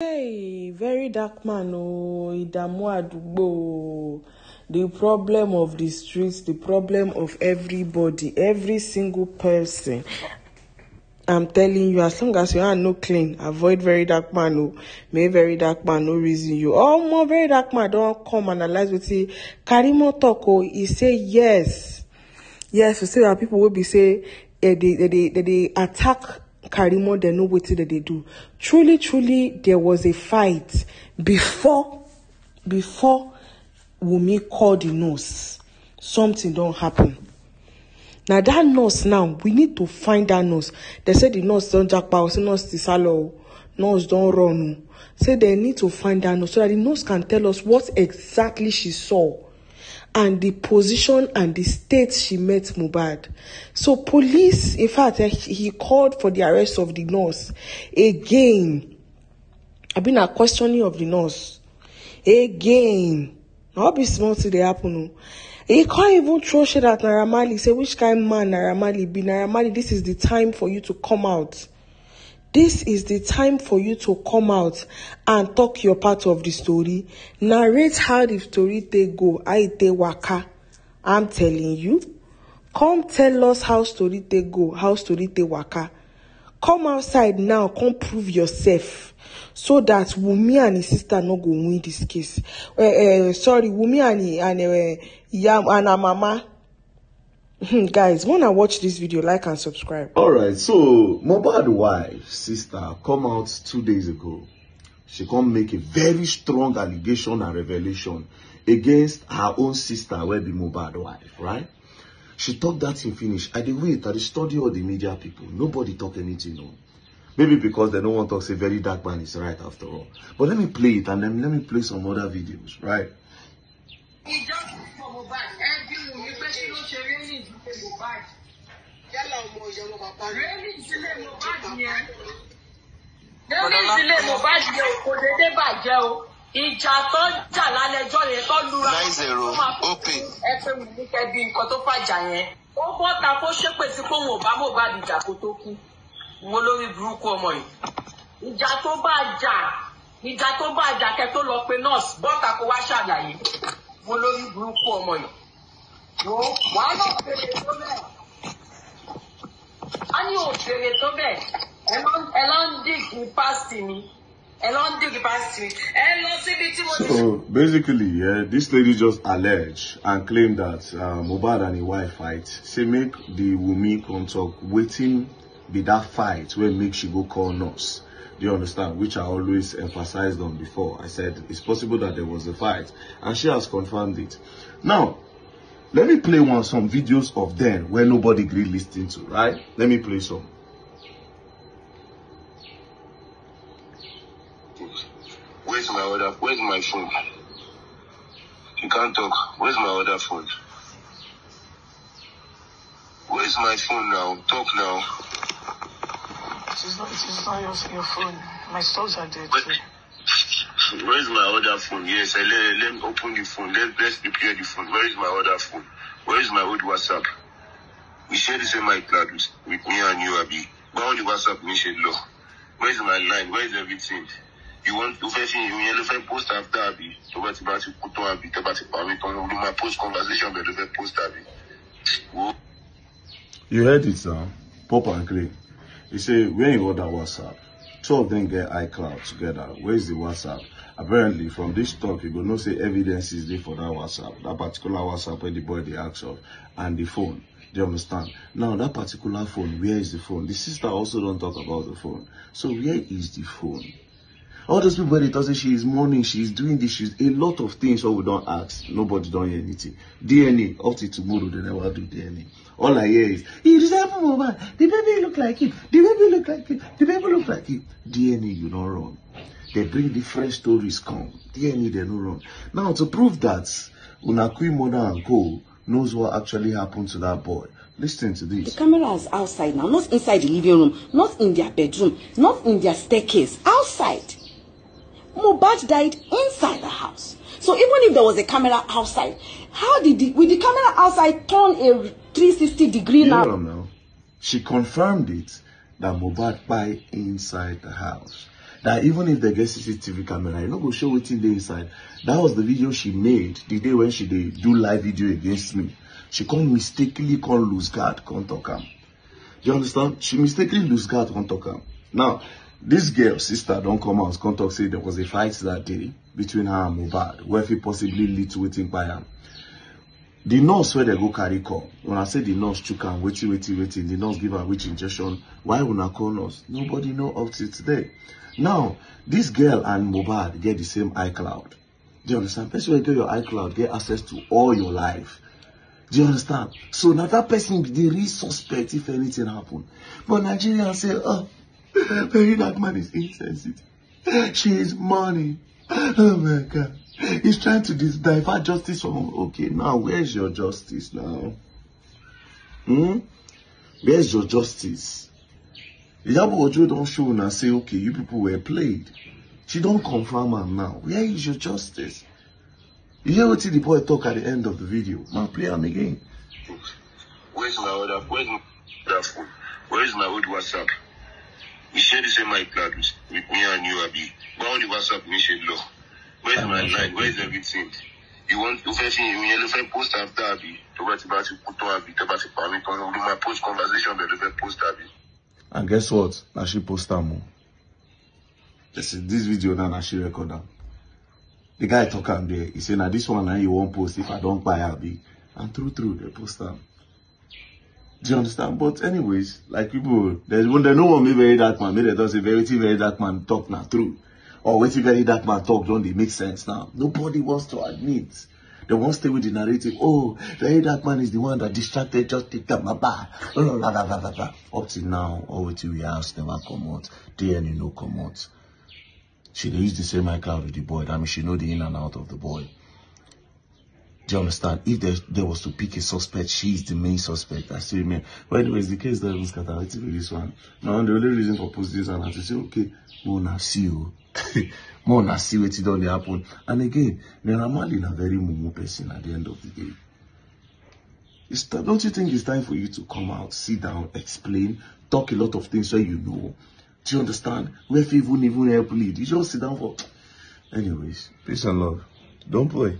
Hey, very dark man oh, ìdààmú àdúgbò o, the problem of the streets, the problem of everybody, every single person. I'm telling you, as long as you are no clean, avoid very dark man oh, May very dark man no reason you. Oh, Omo, very dark man don't come analyze with wetin Karimo talk o. He say yes. Yes, You see that people will be say eh, they, they, they, they attack Karimo, they know what did they do. Truly, truly, there was a fight before, before Wumi called the nurse. Something don't happen. Now that nurse now, we need to find that nurse. They said the nurse don't jackpot, nurse tisalo, nurse don't run. Say they need to find that nurse so that the nurse can tell us what exactly she saw. and the position and the state she met Mubad. So police, in fact, eh, he called for the arrest of the nurse again. I've been a questioning of the nurse again. I'll be small to the happen. Oh. He can't even throw shit at Naramali. Say which kind man Naramali be Naramali. This is the time for you to come out. This is the time for you to come out and talk your part of the story. Narrate how the story they go, how they take waka. I'm telling you. Come tell us how story they go, how story they waka. Come outside now, come prove yourself so that Wumi and his sister no go win this case. Uh, uh, sorry, Wumi and, and, uh, eh, Yam, and her mama Hmm, guys when I watch this video like and subscribe all right so Mohbad wife sister come out two days ago she come make a very strong allegation and revelation against her own sister where be Mohbad wife right she talk that thing finish i dey wait i dey study all the media people nobody talk anything o maybe because they no wan talk say very dark man is right after all but let me play it and then let me play some other videos right. Mohbad yálà ọmọ ìyá bàbá rẹ̀ rẹ́lí ìdílé Mohbad yẹn rẹ́lí ìdílé Mohbad yẹn kò dédé bàjẹ́ o ìjà tó jà lálẹ́jọ́ yẹn tó lura ó máa fi ẹsẹ̀ wù mí kẹ́bi nǹkan tó fàjà yẹn ó bọ́ ta kó ṣépè sí pé bá Mohbad jà kó tó kú wo lórí burúkú ọmọ yìí ìjà tó bá jà ìjà tó bá jà kẹ́ tó lọ pe nọ́ọ̀sì bọ́ta kó wá ṣàlàyé wo lórí burúkú ọmọ yìí. So basically yeah, this lady just alleged and claimed that uh, Mohbad and his wife fight say make the woman come talk wetin be that fight wey make she go call nurse. Do you understand? Which I always emphasized on before. I said it's possible that there was a fight, and she has confirmed it. Now, Let me play one some videos of them where nobody really listening to, right? Let me play some. Where's my other where's my phone? You can't talk. Where's my other phone? Where's my phone now? Talk now. This is not, this is not your, your phone. My stores are dead. Where, Where is my other phone? Yes, let me open the phone. Let's prepare the phone. Where is my other phone? Where is my old WhatsApp? We share the same iCloud with me and you, Abi. Where is my line? Where is everything? You want to do something? You may refer post after, Abi. You want to do something? You may refer post after, Abi. You heard it, son. Pop and Clay. You say, where is your other WhatsApp? Two of them get iCloud together. Where is the WhatsApp? apparently from this talk you go know say evidence is there for that whatsapp That particular whatsapp where the boy dey ask of and the phone do you understand now that particular phone where is the phone The sister also don talk about the phone so where is the phone all those people wey dey talk say she is mourning she is doing this she is a lot of things wey we don ask nobody don hear anything dna up till tomorrow they never do dna all i hear is e resemble mohbad the baby look like him the baby look like him the baby look like him dna you don run They bring different stories come. DNA, they no run. Now, to prove that, Unakui mother and co knows what actually happened to that boy. Listen to this. The camera is outside now, not inside the living room, not in their bedroom, not in their staircase, outside. Mubad died inside the house. So even if there was a camera outside, how did the, with the camera outside turn a 360 degree now? She confirmed it that Mubad died inside the house that even if they get CCTV camera, you no go show wetin dey inside. That was the video she made the day when she did do live video against me. She come mistakenly come lose guard, come talk am. Do you understand? She mistakenly lose guard, come talk am. Now, this girl, sister, don't come out, come talk say there was a fight that day between her and Mubad, where he possibly lead to wetin by her. the nurse where they go carry call when I say the nurse chook am wetin wetin wetin the nurse give her which injection why would I call nurse nobody know up till today Now, this girl and Mobad get the same iCloud. Do you understand? Person will get your iCloud, get access to all your life. Do you understand? So now that person be the real suspect if anything happen. But Nigerians say, oh, very that man is insensitive. She is money. Oh my God. He's trying to divert justice from, okay, now where's your justice now? Hmm? Where's your justice? Ijabo Ojo don't show and say, okay, you people were played. She don't confirm am now. Where is your justice? You hear what the boy talk at the end of the video. Man, play am again. Where's my other, where's my phone? Where's my old WhatsApp? He said the same my plans with me and you, Abi. But on the WhatsApp, we said look. Where's my line? Where's everything? You want to fetch me? You want to post after Abi? To write about you put on Abi? To write about you? I mean, my post conversation, but to post Abi and guess what na she post am o listen this video now na she record am the guy talk am there he say now this one now you won't post if i don't buy kpai abi and true true they post am do you understand but anyways like people there's when they no wan make very dark man make they talk say very very dark man talk now through, or wetin very dark man talk don't dey make sense now nobody wants to admit The one stay with the narrative. Oh, the that man is the one that distracted, just take them blah, Up till now, all till we house never come out. DNA no come out. She used use the same iCloud with the boy. I mean, she know the in and out of the boy. Do you understand? If there, there was to pick a suspect, she is the main suspect. I still remain. But anyways, the case that was catalytic with this one. Now, the only reason for posting this one is to say, okay, more now see you. more now see what it done happen. And again, Naira Marley a very mumu person at the end of the day. It's, don't you think it's time for you to come out, sit down, explain, talk a lot of things so you know? Do you understand? Where if even even help lead, you just sit down for. Anyways, peace and love. Don't play.